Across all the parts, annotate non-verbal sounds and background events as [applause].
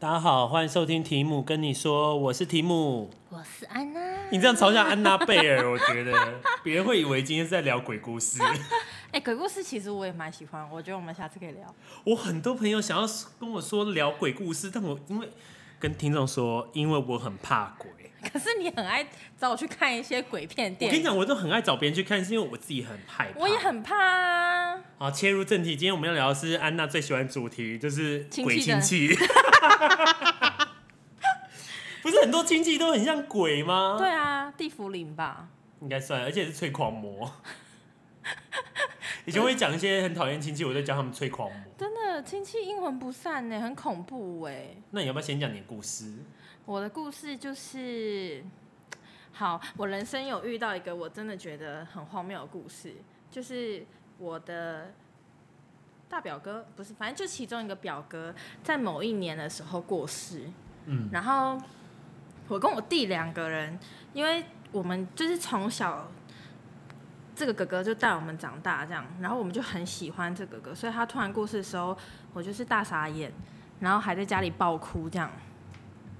大家好，歡迎收聽。提姆跟你說，我是提姆，我是安娜。你這樣嘲笑安娜貝爾， [laughs] 我覺得別人會以為今天是在聊鬼故事。哎、 [laughs] 欸，鬼故事其實我也蠻喜歡，我覺得我們下次可以聊。我很多朋友想要跟我說聊鬼故事，但我因為。跟聽眾說，因為我很怕鬼。可是你很愛找我去看一些鬼片電影。我跟你講，我都很愛找別人去看，是因為我自己很害怕。我也很怕。啊，好，切入正題，今天我們要聊的是安娜最喜歡的主題，就是鬼親戚。不是很多親戚都很像鬼嗎？ [laughs] 對啊，地縛靈吧，應該算，而且是催狂魔。 [laughs] 以前會講一些很討厭親戚，我在教他們催狂魔。真的，親戚陰魂不散呢、欸，很恐怖哎、欸。那你要不要先講點故事？我的故事就是，好,我人生有遇到一個我真的覺得很荒謬的故事，就是我的大表哥，不是，反正就其中一個表哥，在某一年的時候過世。嗯，然後我跟我弟兩個人，因為我們就是從小。這個哥哥就帶我們長大，這樣，然後我們就很喜歡這個哥哥，所以他突然過世的時候，我就是大傻眼，然後還在家裡爆哭這樣。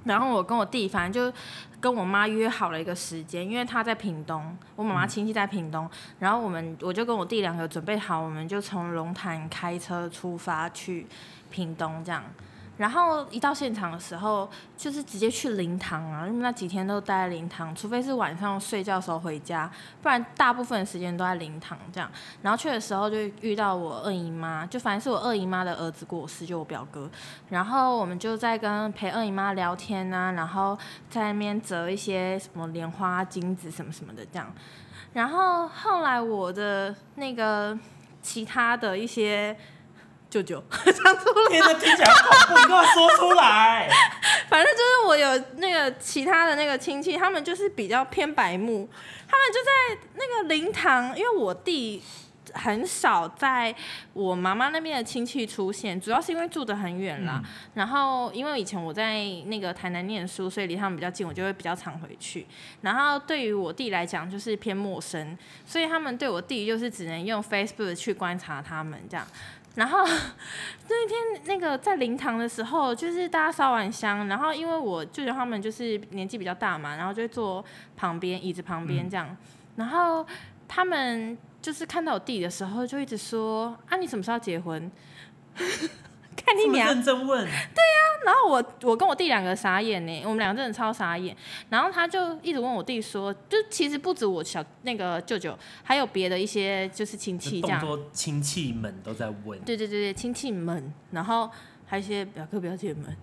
然後我跟我弟，反正就跟我媽約好了一個時間，因為他在屏東，我媽媽親戚在屏東，嗯、然後我們我就跟我弟兩個準備好，我們就從龍潭開車出發去屏東這樣。然後一到現場的時候，就是直接去靈堂啊，因為那幾天都待在靈堂，除非是晚上睡覺的時候回家，不然大部分的時間都在靈堂這樣。然後去的時候就遇到我二姨媽，就反正是我二姨媽的兒子過世，就我表哥。然後我們就在跟陪二姨媽聊天啊，然後在那邊折一些什麼蓮花、金子什麼什麼的這樣。然後後來我的那個其他的一些。舅舅，講出來，聽起來很恐怖。 [laughs] 你跟我說出來。反正就是我有那個其他的那個親戚，他們就是比較偏白目，他們就在那個靈堂，因為我弟很少在我媽媽那邊的親戚出現，主要是因為住得很遠啦。嗯、然後因為以前我在那個台南念書，所以離他們比較近，我就會比較常回去。然後對於我弟來講，就是偏陌生，所以他們對我弟就是只能用 Facebook 去觀察他們這樣。然後那一天，那個在靈堂的時候，就是大家燒完香，然後因為我舅舅他們就是年紀比較大嘛，然後就坐旁邊椅子旁邊這樣，然後他們就是看到我弟弟的時候，就一直說啊，你什麼時候要結婚？ [laughs] 看你倆，認真問。對呀、啊，然後我我跟我弟兩個傻眼呢、欸，我們兩個真的超傻眼。然後他就一直問我弟說，就其實不止我小那個舅舅，還有別的一些就是親戚這樣。多親戚們都在問。對對對對，親戚們，然後還有一些表哥表姐們，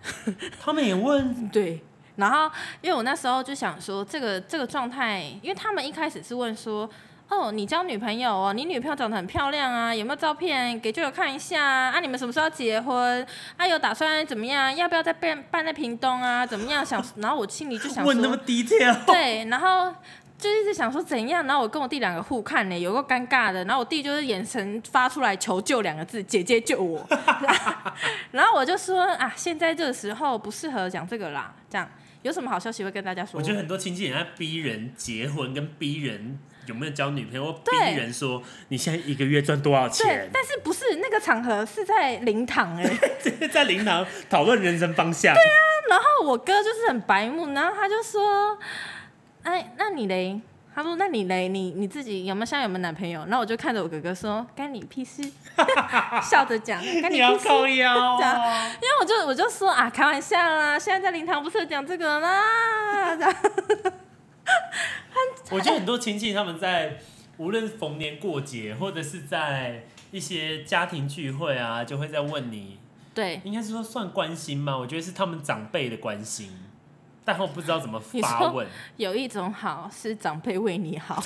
他們也問。 [laughs] 對，然後因為我那時候就想說、這個，這個這個狀態，因為他們一開始是問說。哦，你交女朋友哦、啊，你女朋友長得很漂亮啊，有沒有照片給舅舅看一下啊，啊？你們什麼時候要結婚？啊，有打算怎麼樣？要不要再辦辦在辦辦那屏東啊？怎麼樣想？然後我心裡就想說，問那麼低調？對，然後就一直想說怎樣？然後我跟我弟兩個互看呢、欸，有個尷尬的。然後我弟就是眼神發出來求救兩個字，姐姐救我。 [laughs] [laughs] 然後我就說啊，現在這個時候不適合講這個啦。這樣有什麼好消息會跟大家說？我覺得很多親戚也在逼人結婚，跟逼人。.有沒有交女朋友？別人說對，你現在一個月賺多少錢？但是不是那個場合，是在靈堂哎、欸。 [laughs] 在靈堂討論人生方向。對啊，然後我哥就是很白目，然後他就說：“哎、欸，那你嘞？”他說：“那你嘞？你你自己有沒有在有沒有男朋友？”然後我就看着我哥哥說：“干你屁事！”笑着講 [laughs] ：“你屁事。你要啊”這樣，因為我就我就說啊，開玩笑啦，現在在靈堂不是講這個啦。這樣。 [laughs] 才我覺得很多親戚他們在無論逢年過節，或者是在一些家庭聚會啊，就會在問你。對，應該是說算關心嗎？我覺得是他們長輩的關心，但我不知道怎麼發問。 [laughs] 有一種好是長輩為你好，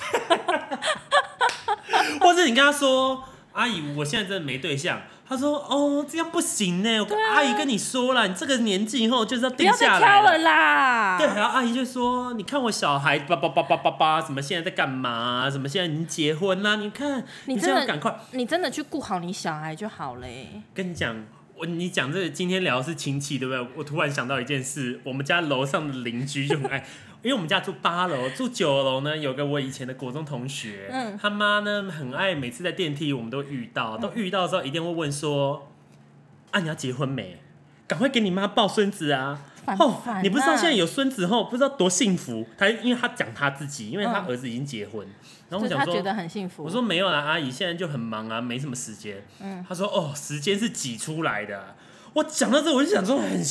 [laughs] [laughs] 或者你跟他說：“阿姨，我現在真的沒對象。”他說：“哦，這樣不行呢。啊、我跟阿姨跟你說了，你這個年紀以後就是要定下來了，不要再挑了啦。對，然後阿姨就說，你看我小孩，叭叭叭叭叭叭，什麼現在在幹嘛？什麼現在已經結婚啦。你看，你，你這樣趕快，你真的去顧好你小孩就好嘞。跟你講。”我你講這個，今天聊的是親戚，對不對？我突然想到一件事，我們家樓上的鄰居就很愛， [laughs] 因為我們家住八樓，住九樓呢，有個我以前的國中同學，嗯，他媽呢很愛，每次在電梯我們都遇到，都遇到的時候一定會問說，啊你要結婚沒？趕快給你媽抱孫子啊！煩不煩啊哦、你不知道現在有孫子後，不知道多幸福？他因為他講他自己，因為他兒子已經結婚，嗯、然後我想說，就是他覺得很幸福。我說沒有啦，阿姨現在就很忙啊，沒什麼時間。嗯，他說哦，時間是擠出來的。我講到這，我就想說很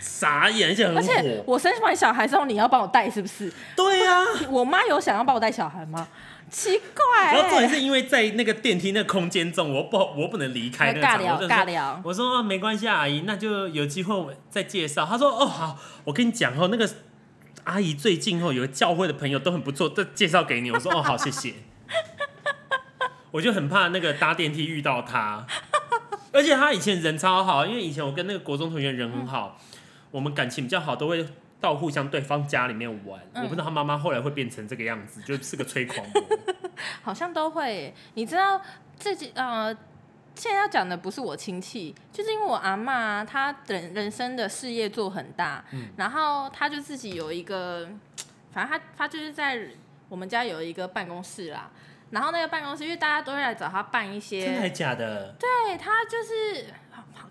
傻眼，而且而且我生完小孩之後你要幫我帶是不是？對呀、啊，我媽有想要幫我帶小孩嗎？奇怪、欸，然後這也是因為在那個電梯那空間中，我不我不能離開那個場。就尬聊尬聊了。我說、啊、沒關係、啊，阿姨，那就有機會我再介紹。他說哦好，我跟你講哦，那個阿姨最近哦有個教會的朋友都很不錯，都介紹給你。我說哦好，謝謝。 [laughs] 我就很怕那個搭電梯遇到他，而且他以前人超好，因為以前我跟那個國中同學人很好，嗯、我們感情比較好，都會。到互相對方家裡面玩，嗯、我不知道他媽媽後來會變成這個樣子，就是，是個催狂。 [laughs] 好像都會，你知道自己呃，現在要講的不是我親戚，就是因為我阿嬤，她人人生的事業做很大，嗯、然後她就自己有一個，反正她她就是在我們家有一個辦公室啦，然後那個辦公室因為大家都會來找她辦一些真的假的，對，她就是。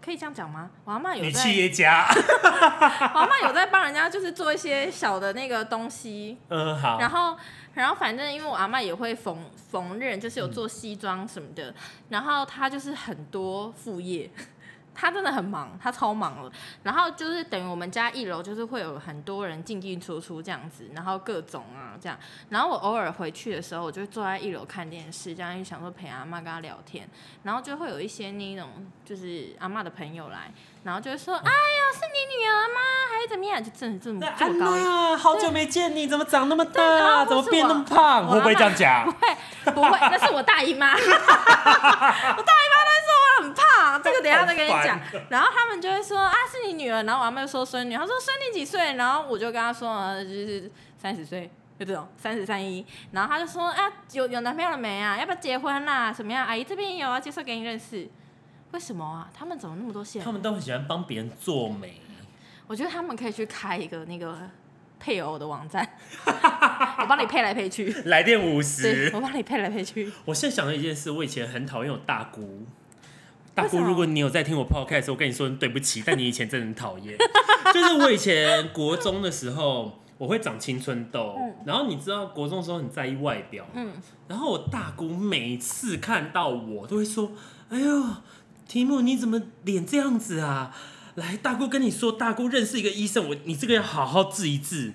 可以這樣講嗎？我阿嬤有在，你企業家，我阿嬤有在幫人家就是做一些小的那個東西。嗯，好。然後，然後反正因為我阿嬤也會縫縫紉，就是有做西裝什麼的。嗯，然後她就是很多副業。他真的很忙，他超忙了。然後就是等於我們家一樓就是會有很多人進進出出這樣子，然後各種啊這樣。然後我偶爾回去的時候，我就坐在一樓看電視，這樣想說陪阿媽跟她聊天。然後就會有一些那種就是阿媽的朋友來，然後就會說：“嗯、哎呀，是你女兒嗎？還是怎麼樣？”就真的就這麼這麼高啊！娜對好久沒見，你怎麼長那麼大，怎麼變那麼胖？會不會這樣講？不會不會， [laughs] 那是我大姨媽。 [laughs] [laughs] 我大姨媽她說。怕，胖，這個等下再跟你講。然後他們就會說啊，是你女兒。然後我阿媽又說孫女。她說孫女幾歲？然後我就跟她說啊，就是三十歲，就這種三十三一。1，然後他就說啊，有有男朋友了沒啊？要不要結婚啦、啊？什麼樣？阿姨這邊也有啊，介紹給你認識。為什麼啊？他們怎麼那麼多線？他們都很喜歡幫別人做媒。我覺得他們可以去開一個那個配偶的網站， [laughs] [laughs] 我幫你配來配去，來電五十，我幫你配來配去。我現在想到一件事，我以前很討厭我大姑。大姑，如果你有在聽我 podcast，我跟你說對不起，但你以前真的很討厭。 [laughs] 就是我以前國中的時候，我會長青春痘，嗯、然後你知道國中的時候很在意外表，嗯，然後我大姑每次看到我都會說：“哎呦，提姆你怎麼臉這樣子啊？”來，大姑跟你說，大姑認識一個醫生，我你這個要好好治一治，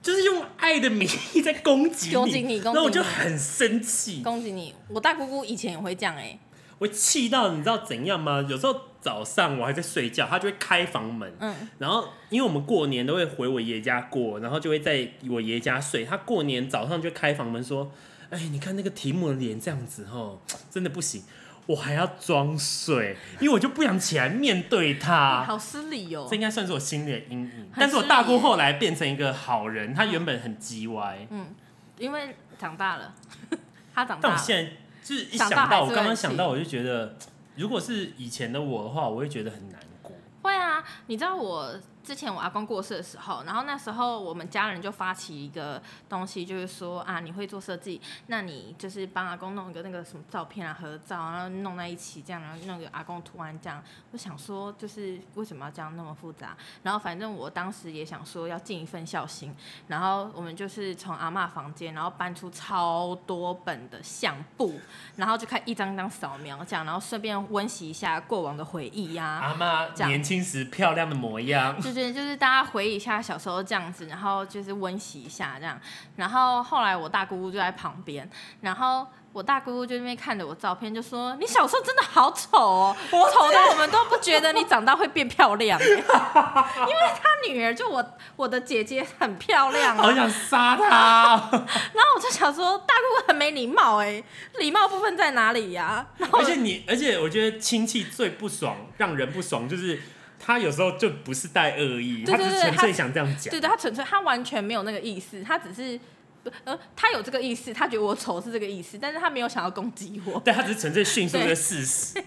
就是用愛的名義在攻擊你，攻擊你，那我就很生氣，恭喜你。我大姑姑以前也會講哎、欸。我氣到你知道怎樣嗎？有時候早上我還在睡覺，他就會開房門。嗯，然後因為我們過年都會回我爺家過，然後就會在我爺家睡。他過年早上就開房門說：“哎，你看那個提姆的臉這樣子，哦，真的不行，我還要裝睡，因為我就不想起來面對他。哎”好失禮哦。這應該算是我心裡的陰影。但是，我大姑後來變成一個好人，她原本很雞歪。嗯，因為長大了， [laughs] 他長大了。但我現在。就是一想到我剛剛想到，我就覺得，如果是以前的我的話，我會覺得很難過。會啊，你知道我。之前我阿公過世的時候，然後那時候我們家人就發起一個東西，就是說啊，你會做設計，那你就是幫阿公弄一個那個什麼照片啊、合照啊，然後弄在一起這樣，然後弄一個阿公圖案這樣。我想說，就是為什麼要這樣那麼複雜？然後反正我當時也想說要盡一份孝心，然後我們就是從阿嬤房間，然後搬出超多本的相簿，然後就開一張一張掃描這樣，然後順便溫習一下過往的回憶呀、啊。阿嬤年輕時漂亮的模樣。.我覺得就是大家回憶一下小時候這樣子，然後就是溫習一下這樣，然後後來我大姑姑就在旁邊，然後我大姑姑就那邊看着我照片，就說：“你小時候真的好醜哦、喔，醜到我們都不覺得你長大會變漂亮。”因為他女兒就我我的姐姐很漂亮、啊，好想殺她。 [laughs] 然後我就想說，大姑姑很沒禮貌哎、欸，禮貌部分在哪裡呀、啊？然後而且你，而且我覺得親戚最不爽，讓人不爽就是。他有時候就不是帶惡意，對對對，他只是純粹想這樣講。對，對，他純粹，他完全沒有那個意思，他只是不，呃，他有這個意思，他覺得我醜是這個意思，但是他沒有想要攻擊我。對，他只是純粹敘述這個事實，對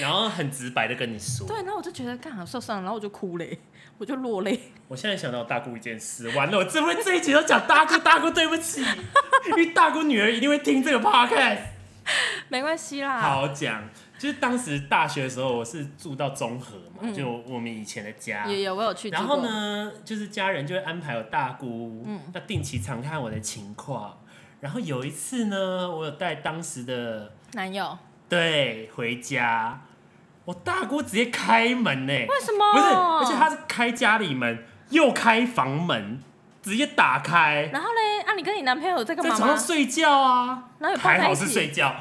[laughs] 然後很直白的跟你說。對，然後我就覺得幹，好受傷，然後我就哭了，我就落淚。我現在想到大姑一件事，完了，我準備這一集都講大姑，大姑對不起， [laughs] 因為大姑女兒一定會聽這個 part，沒關係啦，好，好講。就是當時大學的時候，我是住到中和嘛，嗯、就我們以前的家。也有，我有去。然後呢，就是家人就會安排我大姑、嗯、要定期查看我的情況。然後有一次呢，我有帶當時的男友對回家，我大姑直接開門呢、欸？為什麼？不是，而且她是開家裡門，又開房門，直接打開。然後呢？啊，你跟你男朋友在幹嘛？在床上睡覺啊？然後有還好是睡覺。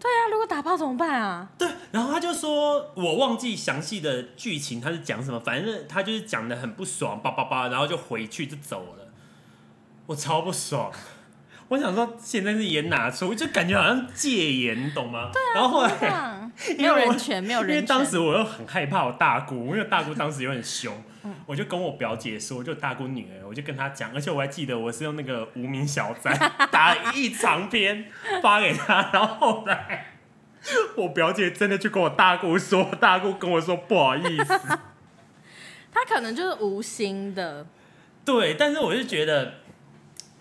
對啊，如果打炮怎麼辦啊？對，然後他就說，我忘記詳細的劇情他是講什麼，反正他就是講得很不爽，叭叭叭，然後就回去就走了，我超不爽，我想說現在是演哪出，我就感覺好像戒嚴，懂嗎？對啊，然後後來。因為沒有人權，沒有人權。因為當時我又很害怕我大姑，因為大姑當時有點兇， [laughs] 嗯、我就跟我表姐說，我就大姑女兒，我就跟她講，而且我還記得我是用那個無名小站打了一長篇發給她， [laughs] 然後後來我表姐真的就跟我大姑說，大姑跟我說不好意思，她可能就是無心的，對，但是我就覺得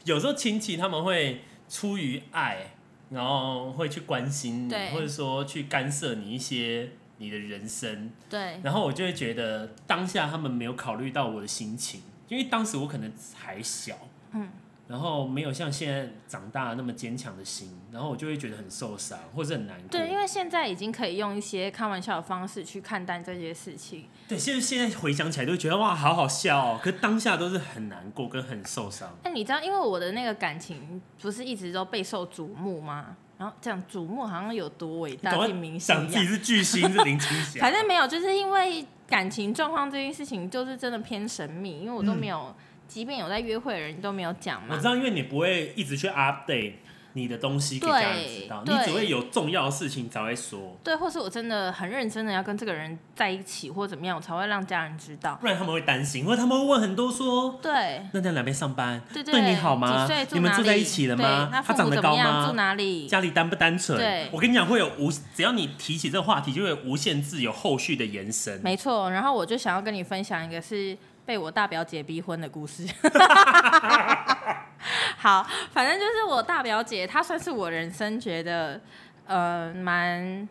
有時候親戚他們會出於愛。然後會去關心你，對或者說去干涉你一些你的人生。對然後我就會覺得當下他們沒有考慮到我的心情，因為當時我可能還小。嗯。然後沒有像現在長大了那麼堅強的心，然後我就會覺得很受傷或者是很難過。對，因為現在已經可以用一些開玩笑的方式去看待這些事情。對，現在現在回想起來都會覺得哇，好好笑哦。可是當下都是很難過跟很受傷。哎，你知道，因為我的那個感情不是一直都備受矚目嗎？然後這樣矚目好像有多偉大？想自、自己是巨星是林青霞。反正 [laughs] 沒有，就是因為感情狀況這件事情，就是真的偏神秘，因為我都沒有，嗯。即便有在約會的人你都沒有講嗎？我知道，因為你不會一直去 update 你的東西給家人知道，對你只會有重要的事情才會說。對，或是我真的很認真的要跟這個人在一起，或怎麼樣，我才會讓家人知道，不然他們會擔心，因為他們會問很多說，對，那在哪邊上班？對，對對，對你好嗎？住住你們住在一起了嗎？對他長得高嗎？住哪裡？家裡單不單純？對我跟你講，會有無，只要你提起這個話題，就會無限制有後續的延伸。沒錯，然後我就想要跟你分享一個是，被我大表姐逼婚的故事， [laughs] 好，反正就是我大表姐，她算是我人生覺得呃蠻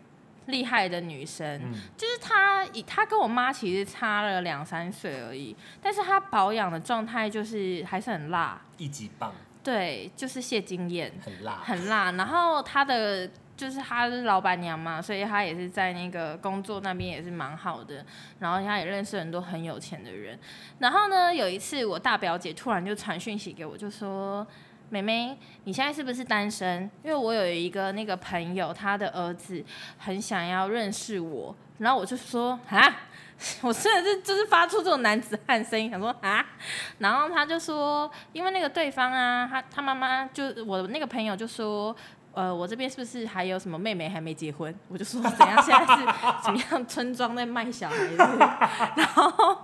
厲害的女生，嗯、就是她，她跟我媽其實差了兩三歲而已，但是她保養的狀態就是還是很辣，一級棒，對，就是謝金燕，很辣，很辣，然後她的。就是她是老闆娘嘛，所以她也是在那個工作那邊也是蠻好的，然後她也認識很多很有錢的人。然後呢，有一次我大表姐突然就傳訊息給我，就說：“妹妹，你現在是不是單身？因為我有一個那個朋友，他的兒子很想要認識我。”然後我就說：“啊！”我真的是就是發出這種男子漢聲音，想說：“啊！”然後他就說：“因為那個對方啊，他他媽媽就我的那個朋友就說。”呃，我這邊是不是還有什麼妹妹還沒結婚？我就說怎樣現在是怎樣村莊在賣小孩子， [laughs] 然後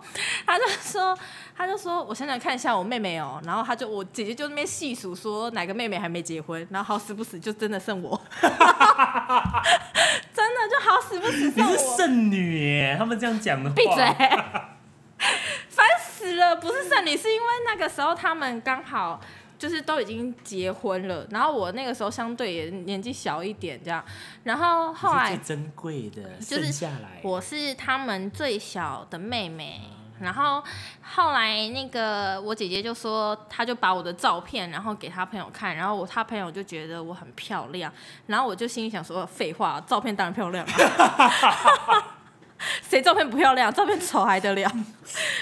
他就說，他就說，我想想看一下我妹妹哦、喔，然後他就我姐姐就那邊細數說哪個妹妹還沒結婚，然後好死不死就真的剩我， [laughs] [laughs] [laughs] 真的就好死不死剩我。你是剩女耶，他們這樣講的話，閉閉嘴，煩 [laughs] 死了，不是剩女是因為那個時候他們剛好。就是都已經結婚了，然後我那個時候相對也年紀小一點這樣，然後後來最珍貴的就是我是他們最小的妹妹，然後後來那個我姐姐就說，她就把我的照片，然後給她朋友看，然後我她朋友就覺得我很漂亮，然後我就心裡想說，廢話，照片當然漂亮。 [laughs] [laughs] 誰照片不漂亮？照片醜還得了？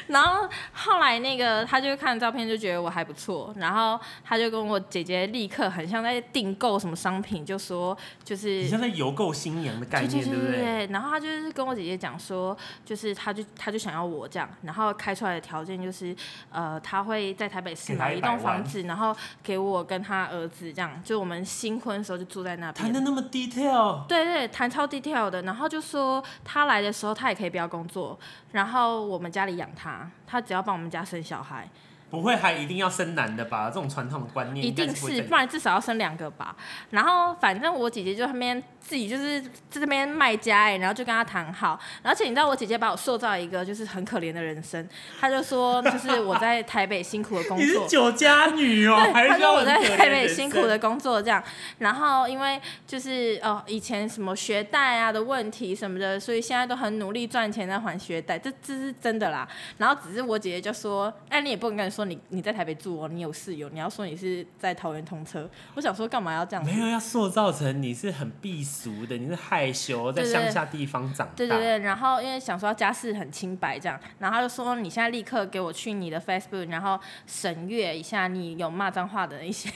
然後後來那個他就看照片就覺得我還不錯，然後他就跟我姐姐立刻很像在訂購什麼商品，就說就是你像在郵購新娘的感覺。對對對，然後他就是跟我姐姐講說，就是他就他就想要我這樣，然後開出來的條件就是呃，他會在台北市買一棟房子，然後給我跟他兒子這樣，就我們新婚的時候就住在那邊。談的那麼 detail？對對，談超 detail 的，然後就說他來的時候。他也可以不要工作，然後我們家裡養他，他只要幫我們家生小孩。不會還一定要生男的吧？這種傳統的觀念是一定是，不然至少要生兩個吧。然後反正我姐姐就那邊自己就是這邊賣家哎，然後就跟他談好。而且你知道我姐姐把我塑造一個就是很可憐的人生，她就說就是我在台北辛苦的工作， [laughs] 你是酒家女哦，還是叫我在台北辛苦的工作這樣。然後因為就是哦以前什麼學貸啊的問題什麼的，所以現在都很努力賺錢在還學貸，這這是真的啦。然後只是我姐姐就說，哎你也不能跟人說。你你在台北住哦，你有室友，你要說你是在桃園通車，我想說幹嘛要這樣？沒有，要塑造成你是很避俗的，你是害羞在鄉下地方長大。對，對對對，然後因為想說家世很清白這樣，然後他就說你現在立刻給我去你的 Facebook，然後審閱一下你有罵髒話的一些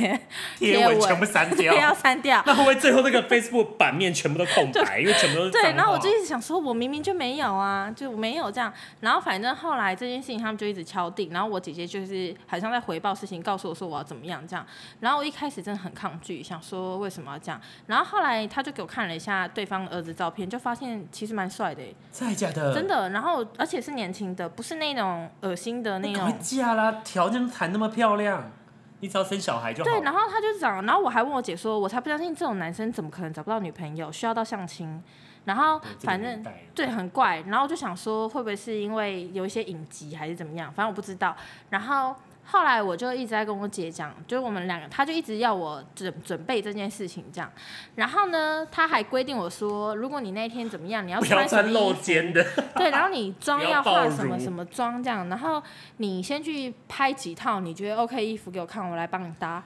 貼文，貼文全部刪掉，對，要刪掉。那會不會最後那個 Facebook 版面全部都空白？就因為全部都是髒話。然後我就一直想說，我明明就沒有啊，就沒有這樣。然後反正後來這件事情他們就一直敲定，然後我姐姐就是。是好像在回報事情，告訴我說，我要怎麼樣這樣，然後我一開始真的很抗拒，想說為什麼要這樣，然後後來他就給我看了一下對方的兒子照片，就發現其實蠻帥的，真的，真的，然後而且是年輕的，不是那種噁心的那種。你嫁啦，條件都談那麼漂亮，你只要生小孩就好。對，然後他就這樣。然後我還問我姐說，我才不相信這種男生怎麼可能找不到女朋友，需要到相親。然後反正對很怪，然後我就想說會不會是因為有一些影集，還是怎麼樣，反正我不知道。然後後來我就一直在跟我姐講，就是我們兩個，他就一直要我準準備這件事情這樣。然後呢，他還規定我說，如果你那天怎麼樣，你要穿穿露肩的，對，然後你妝要化什麼什麼妝這樣。然後你先去拍幾套你覺得 OK 衣服給我看，我來幫你搭。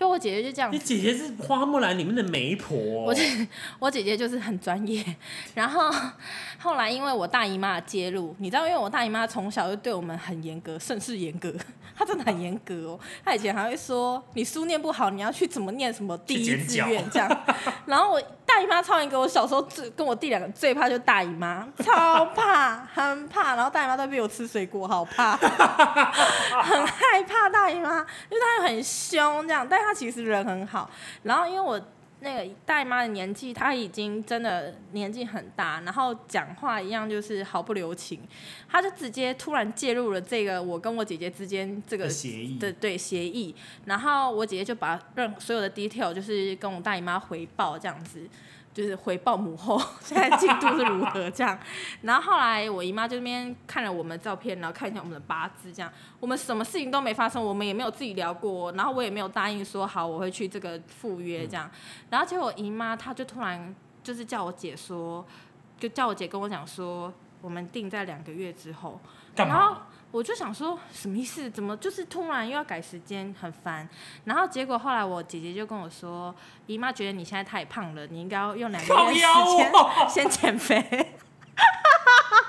就我姐姐就這樣，你姐姐是花木蘭裡面的媒婆哦。我姐，我姐姐就是很專業。然後後來因為我大姨媽的介入，你知道，因為我大姨媽從小就對我們很嚴格，甚是嚴格。她真的很嚴格哦。她以前還會說：“你書念不好，你要去怎麼念什麼第一志願這樣。”然後我大姨媽超嚴格。我小時候最跟我弟兩個最怕就是大姨媽，超怕，很怕。然後大姨媽都逼我吃水果，好怕，很害怕大姨媽，因為她很凶這樣，但她。他其實人很好，然後因為我那個大姨媽的年紀，他已經真的年紀很大，然後講話一樣就是毫不留情，他就直接突然介入了這個我跟我姐姐之間這個協議，對，對協議，然後我姐姐就把任所有的 detail 就是跟我大姨媽回報這樣子。就是回報母後，現在進度是如何這樣？然後後來我姨媽就那邊，看了我們的照片，然後看一下我們的八字這樣。我們什麼事情都沒發生，我們也沒有自己聊過，然後我也沒有答應說，好我會去這個赴約這樣。然後結果姨媽她就突然就是叫我姐說，就叫我姐跟我講說，我們定在兩個月之後，然後。我就想說，什麼意思？怎麼就是突然又要改時間，很煩。然後結果後來我姐姐就跟我說，姨媽覺得你現在太胖了，你應該要用兩個月時間先減肥。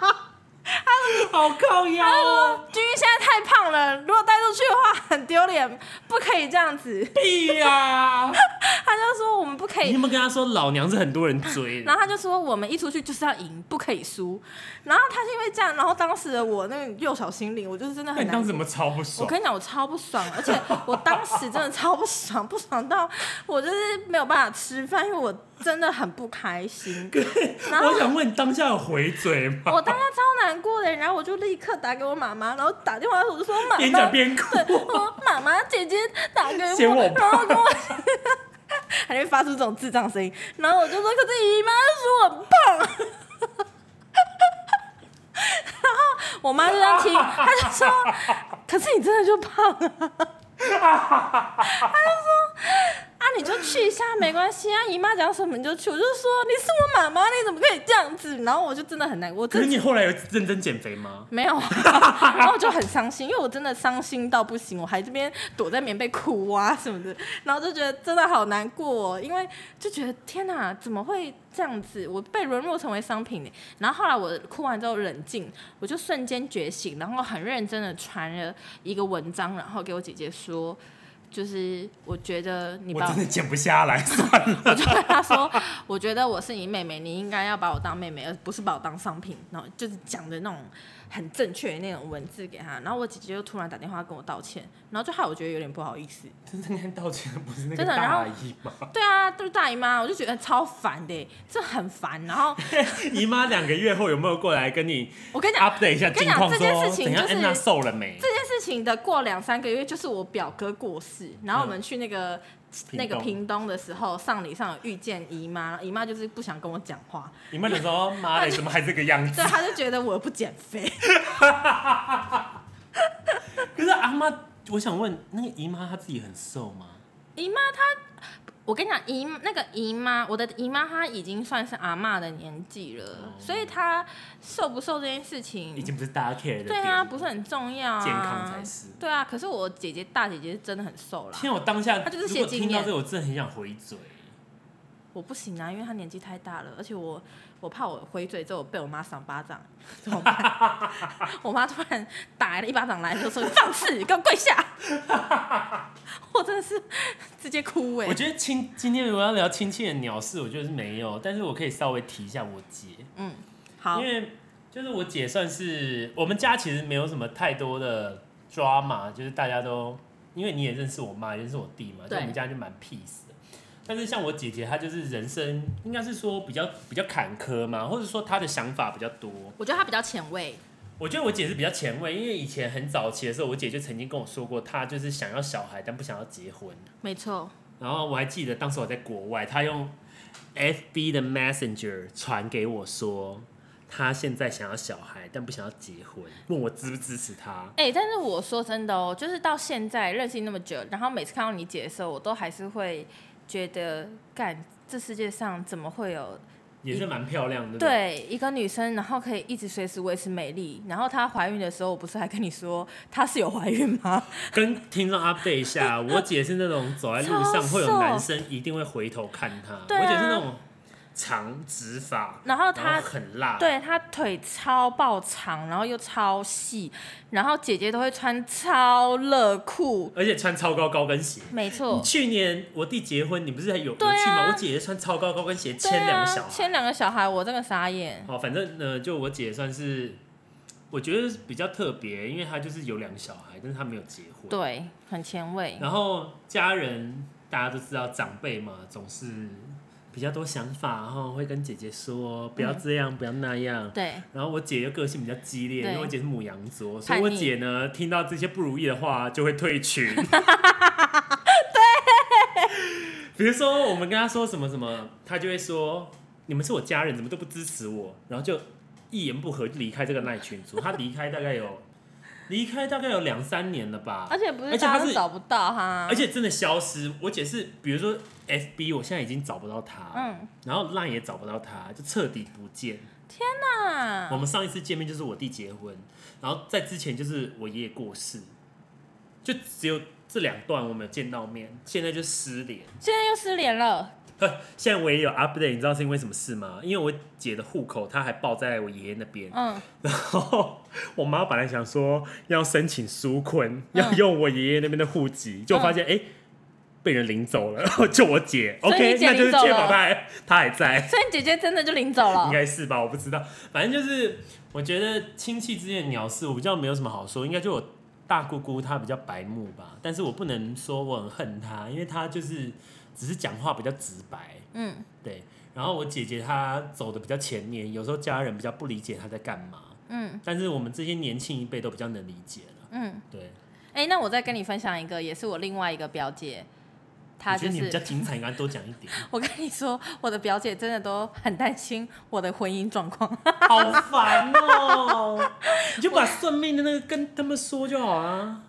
他說你好靠腰哦，君君現在太胖了，如果帶出去的話很丟臉，不可以這樣子。 [laughs] 屁呀、啊！他就說我們不可以。你有沒有跟他說，老娘是很多人追？然後他就說我們一出去就是要贏，不可以輸。然後他就因為這樣，然後當時的我那個幼小心靈，我就真的很難……你當時怎麼超不爽？我跟你講，我超不爽，而且我當時真的超不爽， [laughs] 不爽到我就是沒有辦法吃飯，因為我真的很不開心。對， [laughs] 我想問你，你當下有回嘴嗎？我當下超難過的，然後我就立刻打給我媽媽，然後打電話的時候說：“媽媽，邊講邊哭，媽媽姐姐打給我，我然後跟我。” [laughs] 還會發出這種智障聲音，然後我就說：“可是姨媽說我胖。 [laughs] ”然後我媽就這樣聽，她就說：“可是你真的就胖啊。” [laughs] 她就說：“啊，你就去一下沒關係啊，姨媽講什麼你就去。”我就說：“你是我媽媽，你怎麼可以這樣子？”然後我就真的很難過。可是你後來有認真減肥嗎？沒有。 [laughs] 很傷心，因為我真的傷心到不行，我還這邊躲在棉被哭啊什麼的，然後就覺得真的好難過哦，因為就覺得天哪，怎麼會這樣子？我被淪落成為商品。然後後來我哭完之後冷靜，我就瞬間覺醒，然後很認真的傳了一個文章，然後給我姐姐說，就是我覺得你把我，我真的減不下來算了， [laughs] 我就跟她說， [laughs] 我覺得我是你妹妹，你應該要把我當妹妹，而不是把我當商品，然後就是講的那種。很正確的那種文字給他，然後我姐姐就突然打電話跟我道歉，然後就害我覺得有點不好意思。真的在道歉不是那個大姨嗎？真的，然後，對啊，就是大姨媽，我就覺得超煩的，這很煩。然後 [laughs] 姨媽兩個月後有沒有過來跟你？我跟你 update 一下，我跟你講這件事情就是瘦了沒，這件事情的過兩三個月就是我表哥過世，然後我們去那個。嗯那個屏東的時候，喪禮上有遇見姨媽，姨媽就是不想跟我講話。姨媽就說：“媽的 [laughs] 就，怎麼還這個樣子？”對，他就覺得我不減肥。 [laughs] [laughs] 可是阿媽，我想問，那個姨媽她自己很瘦嗎？姨媽她。我跟你講，姨那個姨媽，我的姨媽她已經算是阿嬤的年紀了，哦、所以她瘦不瘦這件事情已經不是大家 care 的，對啊，不是很重要，啊，健康才是。對啊，可是我姐姐大姐姐是真的很瘦啦。天，我當下她就是寫經驗聽到這個，我真的很想回嘴。我不行啊，因為她年紀太大了，而且我。我怕我回嘴之後我被我媽賞巴掌，怎麼辦？ [laughs] 我媽突然打了一巴掌來，就說：“你放肆，你給我跪下！” [laughs] 我真的是直接哭、欸、我覺得親，今天如果要聊親戚的鳥事，我覺得是沒有，但是我可以稍微提一下我姐。嗯，好，因為就是我姐算是我們家其實沒有什麼太多的 drama，就是大家都因為你也認識我媽，也認識我弟嘛，對就我們家就蠻 peace。但是像我姐姐，她就是人生應該是說比較比較坎坷嘛，或者說她的想法比較多。我覺得她比較前衛。我覺得我姐姐是比較前衛，因為以前很早期的時候，我姐姐就曾經跟我說過，她就是想要小孩，但不想要結婚。沒錯。然後我還記得當時我在國外，她用 FB 的 Messenger 傳給我說，她現在想要小孩，但不想要結婚，問我支不支持她。欸，但是我說真的哦，就是到現在認識那麼久，然後每次看到你姐的時候，我都還是會。覺得幹，這世界上怎麼會有也是蠻漂亮的，對，對，對一個女生，然後可以一直隨時維持美麗。然後她懷孕的時候，我不是還跟你說她是有懷孕嗎？跟聽眾 update 一下，我姐是那種走在路上會有男生一定會回頭看她。對啊、我姐是那種。長直髮，然後她很辣，對，她腿超爆長，然後又超細，然後姐姐都會穿超熱褲，而且穿超高高跟鞋，沒錯。去年我弟結婚，你不是還有去嗎？啊、我姐姐穿超高高跟鞋牽兩個小孩，牽兩、啊、個小孩，我這個傻眼。哦，反正呢，就我姐、姐算是我覺得比較特別，因為她就是有兩個小孩，但是她沒有結婚，對，很前衛。然後家人大家都知道，長輩嘛，總是。比較多想法，然後會跟姐姐說不要這樣，嗯、不要那樣。對。然後我姐又個性比較激烈，對因為我姐是牡羊座，你所以我姐呢，聽到這些不如意的話就會退群。 [laughs] 對。比如說，我們跟她說什麼什麼，她就會說你們是我家人，怎麼都不支持我，然後就一言不合就離開這個 LINE 群組。她離開大概有。離開大概有兩三年了吧，而且不是，而且他是找不到他，啊，而且真的消失。我解釋，比如說 FB，我現在已經找不到他，嗯、然後 Line 也找不到他，就徹底不見。天哪！我們上一次見面就是我弟結婚，然後在之前就是我爺爺過世，就只有。這兩段我沒有見到面，現在就失聯，現在又失聯了。現在我也有 update，你知道是因為什麼事嗎？因為我姐的戶口，她還報在我爺爺那邊。嗯、然後我媽本來想說要申請紓困，嗯、要用我爺爺那邊的戶籍，就發現哎、嗯，欸，被人領走了。呵呵，就我姐、姐，OK，那就是姐寶，她還她還在，所以姐姐真的就領走了，應該是吧？我不知道，反正就是我覺得親戚之間的鳥事，我比較沒有什麼好說，應該就。大姑姑她比較白目吧，但是我不能說我很恨她，因為她就是只是講話比較直白，嗯，對。然後我姐姐她走得比較前面，有時候家人比較不理解她在幹嘛，嗯，但是我們這些年輕一輩都比較能理解了，嗯，對。哎、欸，那我再跟你分享一個，也是我另外一個表姐。他、就是、覺得你們比較精彩，應該多講一點、嗯。我跟你說，我的表姐真的都很擔心我的婚姻狀況，好煩哦、喔！ [laughs] 你就把算命的那個跟他們說就好啊。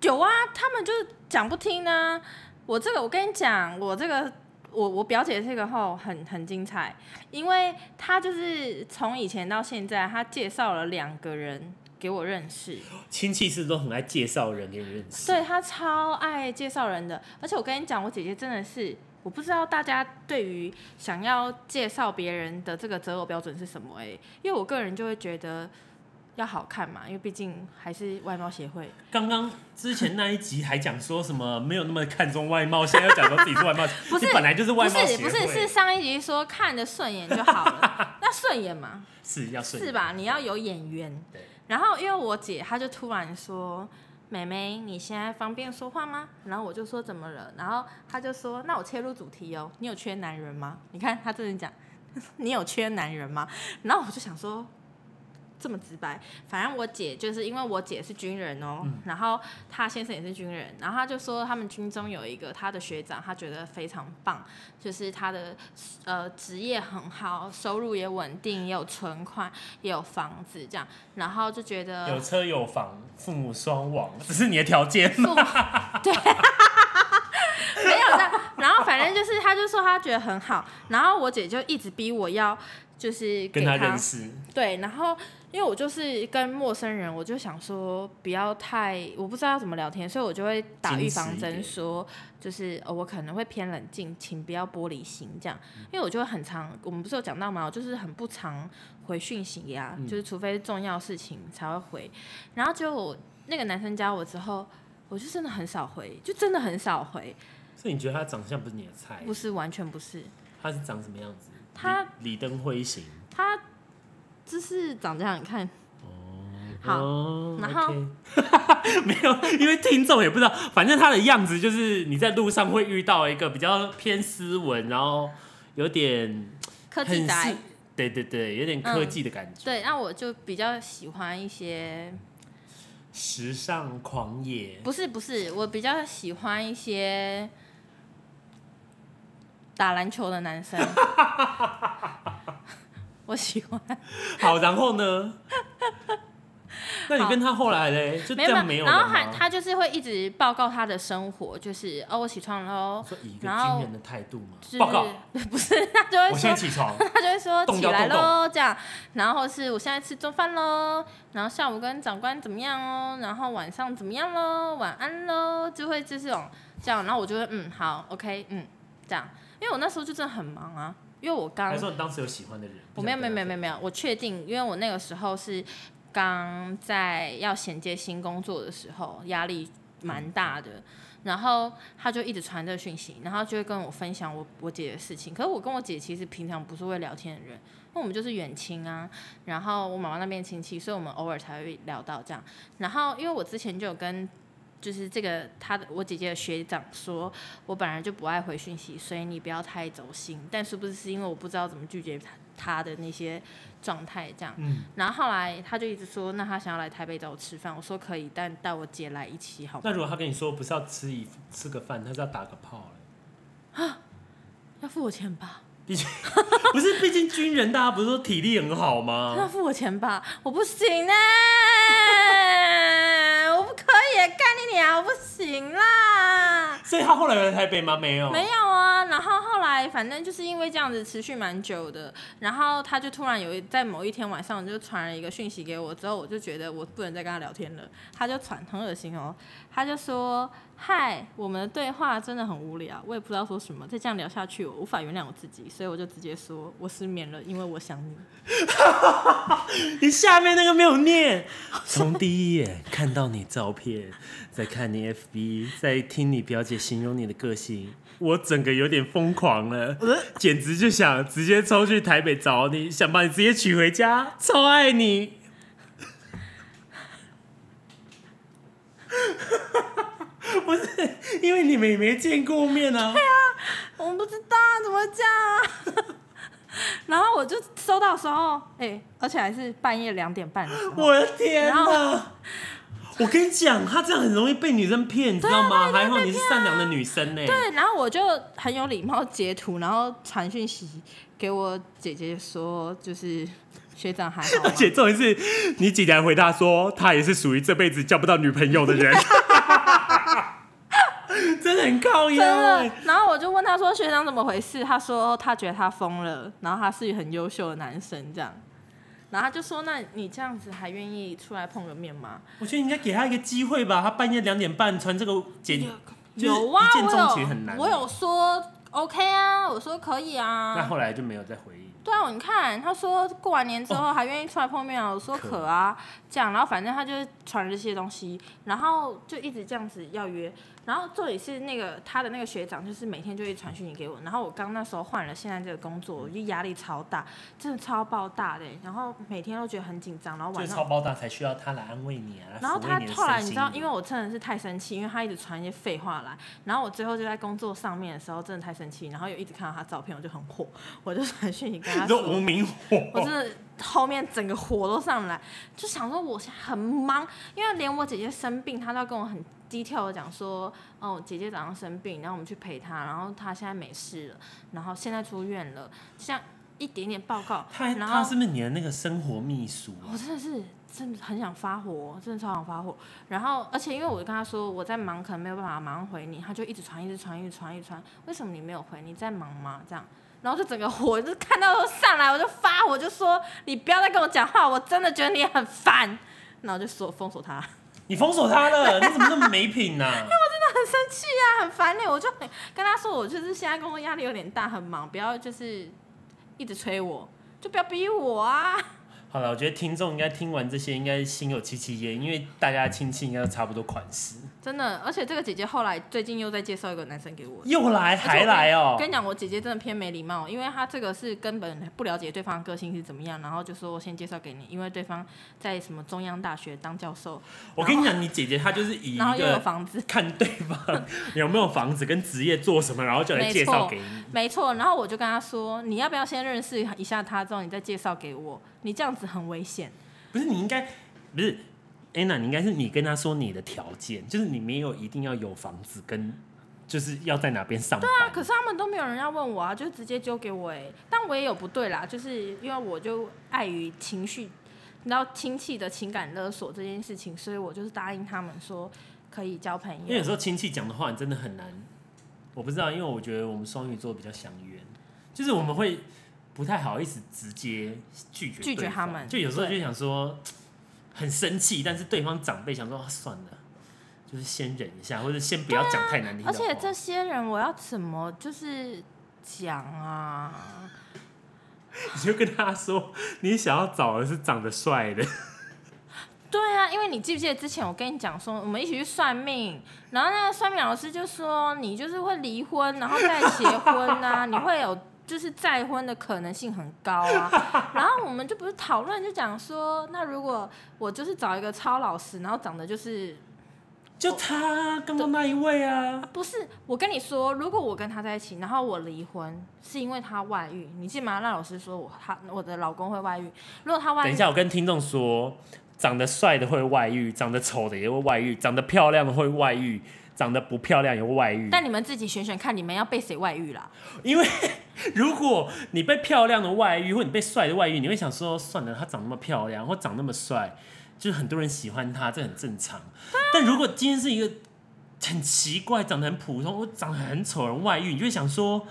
有啊，他們就是講不聽呢、啊。我這個，我跟你講，我這個，我我表姐這個號很很精彩，因為他就是從以前到現在，他介紹了兩個人。給我認識。親戚是都很愛介紹人給你認識對他超愛介紹人的，而且我跟你講，我姐姐真的是，我不知道大家對於想要介紹別人的這個擇偶標準是什麼哎，因為我個人就會覺得要好看嘛，因為畢竟還是外貌協會。剛剛之前那一集還講說什麼沒有那麼看重外貌，現在又講說自己是外貌， [laughs] 不是你本來就是外貌協會，不是不是，是上一集說看的順眼就好了， [laughs] 那順眼嘛是要順眼是吧？你要有眼緣。然後，因為我姐，她就突然說：“妹妹，你現在方便說話嗎？”然後我就說：“怎麼了？”然後她就說：“那我切入主題哦，你有缺男人嗎？”你看她這樣講呵呵，你有缺男人嗎？然後我就想說。這麼直白，反正我姐就是因為我姐是軍人哦、喔，嗯、然後她先生也是軍人，然後她就說他們軍中有一個他的學長，他覺得非常棒，就是他的呃職業很好，收入也穩定，也有存款，也有房子這樣，然後就覺得有車有房，父母雙亡，這是你的條件嗎？對， [laughs] [laughs] 沒有這樣。然後反正就是他就說他覺得很好，然後我姐就一直逼我要就是給他跟他認識，對，然後。因為我就是跟陌生人，我就想說不要太，我不知道要怎麼聊天，所以我就會打預防針，說就是、哦、我可能會偏冷靜，請不要玻璃心這樣。因為我就很常，我們不是有講到嗎？我就是很不常回訊息呀，就是除非重要事情才會回。然後結果那個男生加我之後，我就真的很少回，就真的很少回、嗯。所、嗯、以你覺得他長相不是你的菜？不是，完全不是。他是長什麼樣子？他李，李登輝型。他。就是長這樣你看，哦，好，然後沒有，因為聽眾也不知道， [laughs] 反正他的樣子就是你在路上會遇到一個比較偏斯文，然後有點科技宅，對對對，有點科技的感覺。嗯、對，那我就比較喜歡一些時尚狂野，不是不是，我比較喜歡一些打籃球的男生。 [laughs] 我喜歡。好，然後呢？ [laughs] 那你跟他後來嘞？好就沒有沒有。然後還他就是會一直報告他的生活，就是哦，我起床嘍。然後就是、以一個軍人的態度嗎？就是、報告。不是，他就會。我現在起床。 [laughs] 他就會說，動動動起來嘍，這樣。然後是我現在吃中飯嘍。然後下午跟長官怎麼樣哦？然後晚上怎麼樣嘍？晚安嘍，就會這種這樣。然後我就會嗯，好，OK，嗯，這樣。因為我那時候就真的很忙啊。因為我剛，剛說你當時有喜歡的人，我沒有沒有沒有沒有，我確定，因為我那個時候是剛在要銜接新工作的時候，壓力蠻大的，嗯，然後他就一直傳這訊息，然後就會跟我分享我我姐姐的事情。可是我跟我姐其實平常不是會聊天的人，那我們就是遠親啊，然後我媽媽那邊親戚，所以我們偶爾才會聊到這樣。然後因為我之前就有跟。就是這個，他的我姐姐的學長說，我本來就不愛回訊息，所以你不要太走心。但是不是是因為我不知道怎麼拒絕他的那些狀態這樣？嗯。然後後來他就一直說，那他想要來台北找我吃飯，我說可以，但帶我姐來一起好嗎？那如果他跟你說不是要吃一吃個飯，他是要打個炮嘞？啊，要付我錢吧？畢竟不是，畢竟軍人 [laughs] 大家不是說體力很好嗎？他要付我錢吧？我不行呢、欸。 [laughs] 幹你娘，不行啦！所以他後來來台北嗎？沒有，沒有啊。然後後來，反正就是因為這樣子持續蠻久的，然後他就突然有在某一天晚上就傳了一個訊息給我，之後我就覺得我不能再跟他聊天了。他就傳很噁心哦，他就說。嗨，Hi, 我們的對話真的很無聊，我也不知道說什麼。再這樣聊下去，我無法原諒我自己，所以我就直接說，我失眠了，因為我想你。 [laughs] 你下面那個沒有念。從第一眼看到你照片，再看你 FB，再聽你表姐形容你的個性，我整個有點瘋狂了，簡直就想直接衝去台北找你，想把你直接娶回家，超愛你。 [laughs] 不是因為你們也沒見過面啊！對啊，我不知道怎麼講啊。 [laughs] 然後我就收到的時候，哎、欸，而且還是半夜兩點半。我的天哪！然後，我跟你講，他這樣很容易被女生騙， [laughs] 你知道嗎？啊、還好你是善良的女生呢、欸。對，然後我就很有禮貌截圖，然後傳訊息給我姐姐說，就是學長還好。而且重點是，你竟然回答說他也是屬於這輩子交不到女朋友的人。 [laughs] 真的很靠真的，然後我就問他說：“學長怎麼回事？”他說：“他覺得他瘋了。”然後他是一個很優秀的男生，這樣。然後他就說：“那你這樣子還願意出來碰個面嗎？”我覺得應該給他一個機會吧。他半夜兩點半傳這個簡，有哇？我有，我有說 OK 啊，我說可以啊。那後來就沒有再回應。對啊，我你看，他說過完年之後還願意出來碰面啊，哦、我說可啊，可以這樣。然後反正他就是傳這些東西，然後就一直這樣子要約。然後這裡是那個他的那個學長，就是每天就會傳訊息給我。然後我剛那時候換了現在這個工作，就壓力超大，真的超爆大的、欸、然後每天都覺得很緊張，然後晚上超爆大，才需要他來安慰你啊。然後他後來你知道，因為我真的是太生氣，因為他一直傳一些廢話來。然後我最後就在工作上面的時候，真的太生氣。然後又一直看到他照片，我就很火，我就傳訊息跟他說。你說無名火，我真的後面整個火都上來，就想說我很忙，因為連我姐姐生病，他都要跟我很。低調的講說，哦，姐姐早上生病，然後我們去陪她，然後她現在沒事了，然後現在出院了，像一點點報告。他還然後他是不是你的那個生活秘書、啊？我真的是真的很想發火，真的超想發火。然後，而且因為我跟她說我在忙，可能沒有辦法馬上回你，她就一直傳，一直傳，一直傳，一直傳。為什麼你沒有回？你在忙嗎？這樣，然後就整個火就看到上來，我就發火，就說你不要再跟我講話，我真的覺得你很煩。然後我就說封鎖她。你封鎖他了， [laughs] 你怎麼那麼沒品呢、啊？ [laughs] 因為我真的很生氣啊，很煩你煩呢，我就跟他說，我就是現在工作壓力有點大，很忙，不要就是一直催我，就不要逼我啊。好了，我覺得聽眾應該聽完這些，應該心有戚戚焉，因為大家親戚應該都差不多款式。真的，而且這個姐姐後來最近又在介紹一個男生給我，又來還來哦、喔。我跟你講，我姐姐真的偏沒禮貌，因為她這個是根本不了解對方的個性是怎麼樣，然後就說我先介紹給你，因為對方在什麼中央大學當教授。我跟你講，你姐姐她就是以、嗯、然後又有房子，看對方有沒有房子跟職業做什麼，然後就來介紹給你。沒錯，然後我就跟她說，你要不要先認識一下她之後，你再介紹給我，你這樣子很危險。不是你應該，不是。安娜，你應該是你跟他說你的條件，就是你沒有一定要有房子跟，就是要在哪邊上班。對啊，可是他們都沒有人要問我啊，就直接丟給我哎、欸。但我也有不對啦，就是因為我就礙於情緒，你知道親戚的情感勒索這件事情，所以我就是答應他們說可以交朋友。因為有時候親戚講的話，你真的很難，我不知道，因為我覺得我們雙魚座比較鄉願，就是我們會不太好意思直接拒絕拒絕他們，就有時候就想說。很生氣，但是對方長輩想說，啊，算了，就是先忍一下，或者先不要講太難聽的話。而且這些人我要怎麼就是講啊？ [laughs] 你就跟他說，你想要找的是長得帥的。對啊，因為你記不記得之前我跟你講說，我們一起去算命，然後那個算命老師就說你就是會離婚，然後再結婚啊， [laughs] 你會有。就是再婚的可能性很高啊， [laughs] 然後我們就不是討論，就講說，那如果我就是找一個超老師，然後長得就是，就他我就剛剛那一位啊，啊，不是，我跟你說，如果我跟他在一起，然後我離婚是因為他外遇，你記得嗎？那老師說我他我的老公會外遇，如果他外遇，等一下我跟聽眾說，長得帥的會外遇，長得醜的也會外遇，長得漂亮的會外遇。長得不漂亮有外遇，但你們自己選選看，你們要被誰外遇啦？因為如果你被漂亮的外遇，或你被帥的外遇，你會想說，算了，他長那麼漂亮，或長那麼帥，就是很多人喜歡他，這很正常。啊、但如果今天是一個很奇怪、長得很普通、或長得很醜的人外遇，你就會想說，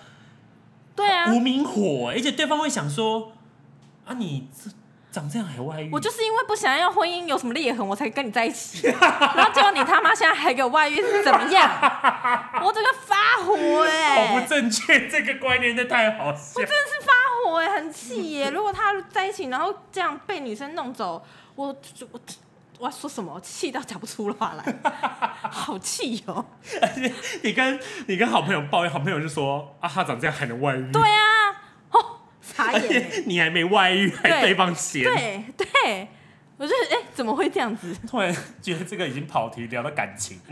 對啊，無名火，而且對方會想說，啊你這。長這樣還外遇？我就是因為不想要婚姻有什麼裂痕，我才跟你在一起。 [laughs] 然後結果你他媽現在還給我外遇，怎麼樣？ [laughs] 我這個發火哎、欸！好不正確，這個觀念真的太好笑。我真的是發火哎、欸，很氣耶、欸。 [laughs] 如果他在一起，然後這樣被女生弄走，我我我，我要說什麼？氣到講不出話來，好氣喲、喔！ [laughs] 你跟你跟好朋友抱怨，好朋友就說：“啊，他長這樣還能外遇？”對啊。而且你還沒外遇，對還對方錢，對對，我覺得哎、欸，怎麼會這樣子？突然覺得這個已經跑題，聊到感情。 [laughs]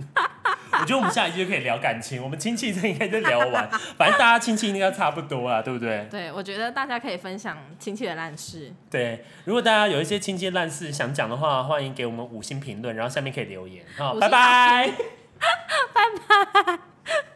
我覺得我們下一集就可以聊感情，我們親戚這應該就聊完， [laughs] 反正大家親戚應該差不多啊，對不對？對，我覺得大家可以分享親戚的爛事。對，如果大家有一些親戚爛事想講的話，歡迎給我們五星評論，然後下面可以留言。好，五星拜拜， [laughs] 拜拜。